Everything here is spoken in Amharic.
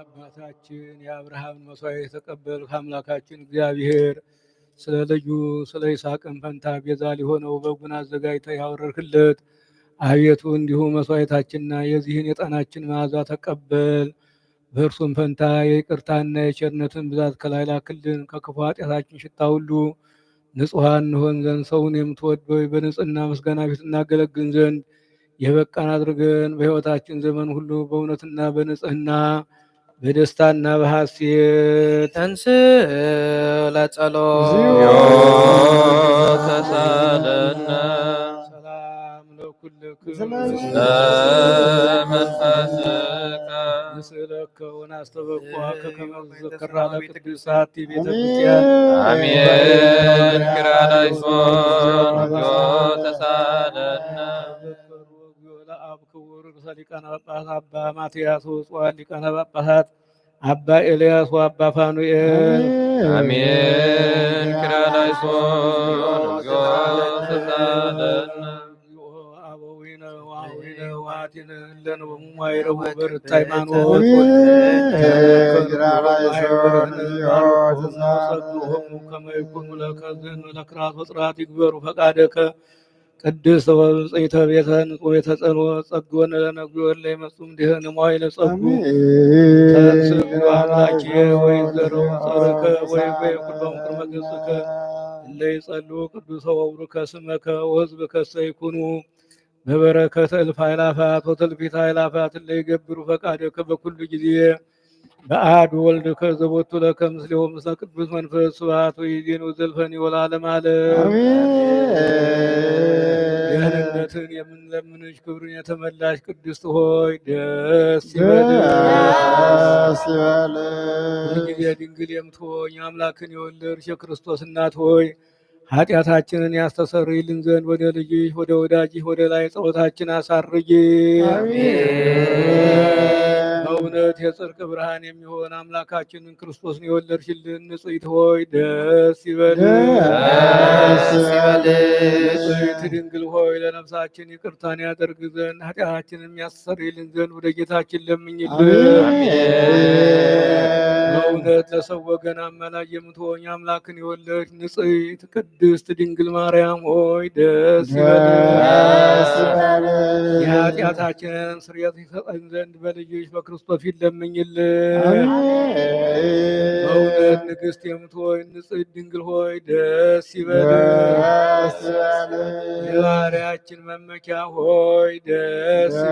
አባታችን የአብርሃምን መስዋዕት የተቀበልክ ከአምላካችን እግዚአብሔር ስለ ልጁ ስለ ይስሐቅን ፈንታ ቤዛ ሊሆነው በጉን አዘጋጅተህ ያወረርክለት አቤቱ እንዲሁ መስዋዕታችንና የዚህን የዕጣናችን መዓዛ ተቀበል። በእርሱም ፈንታ የይቅርታና የቸርነትን ብዛት ከላይ ላክልን፣ ከክፉ ኃጢአታችን ሽታ ሁሉ ንጹሐን እንሆን ዘንድ ሰውን የምትወደው በንጽህና ምስጋና ፊት እናገለግን ዘንድ የበቃን አድርገን በሕይወታችን ዘመን ሁሉ በእውነትና በንጽህና በደስታና በሐሴት ተንስ ተሳለነ ሰላም ለኩልክመንፈስከ ምስለከውን አስተበቋ ከከመዘከራ ለቅዱሳት ቤተክርስቲያን አሜን ይሶን ተሳለና ለአብ ክቡር ርእሰ ጳጳሳት አባ ማትያስ ወጽዋ ሊቃነ ጳጳሳት አባ ኤልያስ ወአባ ፋኑኤል አሜን። ኪርያላይሶን ተሳለና ብላቴንህን ለንዑሙ አይረቡ በርት ሃይማኖት ከመ ይኩኑ ለክራት ወጽራት ይግበሩ ፈቃደከ ቅድስት ወብፅዕተ ቤተ ንጹሕ ቤተ ጸሎት ጸግወነ ለነግዮ ለይመጹም ድህን ሞይ ለጸጉ ተንስግ ወይ ዘረው ጸርከ ወይ ወይ ኩሎም ቅድመ ገጽከ እለ ይጸልዩ ቅዱሰ ወቡርከ ስመከ ወሕዝብከ ሰ ይኩኑ በበረከተ እልፍ ኃይላፋት ወተልፊት ኃይላፋት ለይገብሩ ፈቃደ በኩሉ ጊዜ በአድ ወልድ ከዘቦቱ ለከምስ ሊሆን ምስለ ቅዱስ መንፈስ ስብሐት ወይዜን ወዘልፈን ይወላለም አለ ደህንነትን የምንለምንሽ ክብርን የተመላሽ ቅድስት ሆይ ደስ ይበልሽ። ጊዜ ድንግል የምትሆኝ አምላክን የወለድሽ የክርስቶስ እናት ሆይ ኃጢአታችንን ያስተሰርይልን ዘንድ ወደ ልጅህ ወደ ወዳጅህ ወደ ላይ ጸሎታችን አሳርጊ። በእውነት የጽድቅ ብርሃን የሚሆን አምላካችንን ክርስቶስን የወለድሽልን ንጽሕት ሆይ ደስ ይበልሽ። ንጽሕት ድንግል ሆይ ለነፍሳችን ይቅርታን ያደርግ ዘንድ ኃጢአታችንን ያስተሰርይልን ዘንድ ወደ ጌታችን ለምኝልን። በእውነት ለሰው ወገን አማላጅ የምትሆኝ አምላክን የወለድሽ ንጽሕት ቅድስት ድንግል ማርያም ሆይ ደስ ይበል። የኃጢአታችንን ስርየት ይሰጠን ዘንድ በልጅሽ በክርስቶስ ፊት ለምኝልን። በእውነት ንግሥት የምትሆኝ ንጽሕት ድንግል ሆይ ደስ ይበል። የባሕርያችን መመኪያ ሆይ ደስ